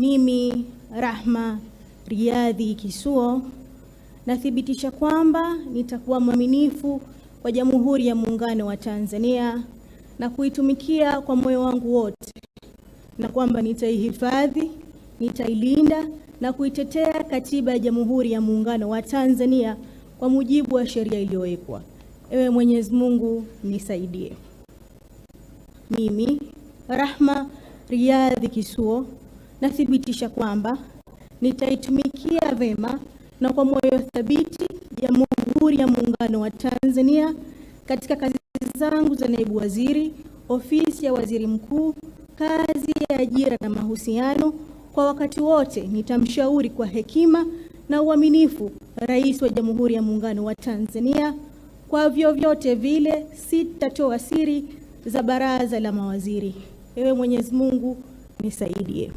Mimi Rahma Riyadhi Kisuo nathibitisha kwamba nitakuwa mwaminifu kwa Jamhuri ya Muungano wa Tanzania na kuitumikia kwa moyo wangu wote, na kwamba nitaihifadhi, nitailinda na kuitetea Katiba ya Jamhuri ya Muungano wa Tanzania kwa mujibu wa sheria iliyowekwa. Ewe Mwenyezi Mungu nisaidie. Mimi Rahma Riyadhi Kisuo nathibitisha kwamba nitaitumikia vema na kwa moyo thabiti Jamhuri ya Muungano wa Tanzania katika kazi zangu za naibu waziri, ofisi ya waziri mkuu, kazi ya ajira na mahusiano. Kwa wakati wote nitamshauri kwa hekima na uaminifu Rais wa Jamhuri ya Muungano wa Tanzania. Kwa vyovyote vile sitatoa siri za baraza la mawaziri. Ewe Mwenyezi Mungu nisaidie.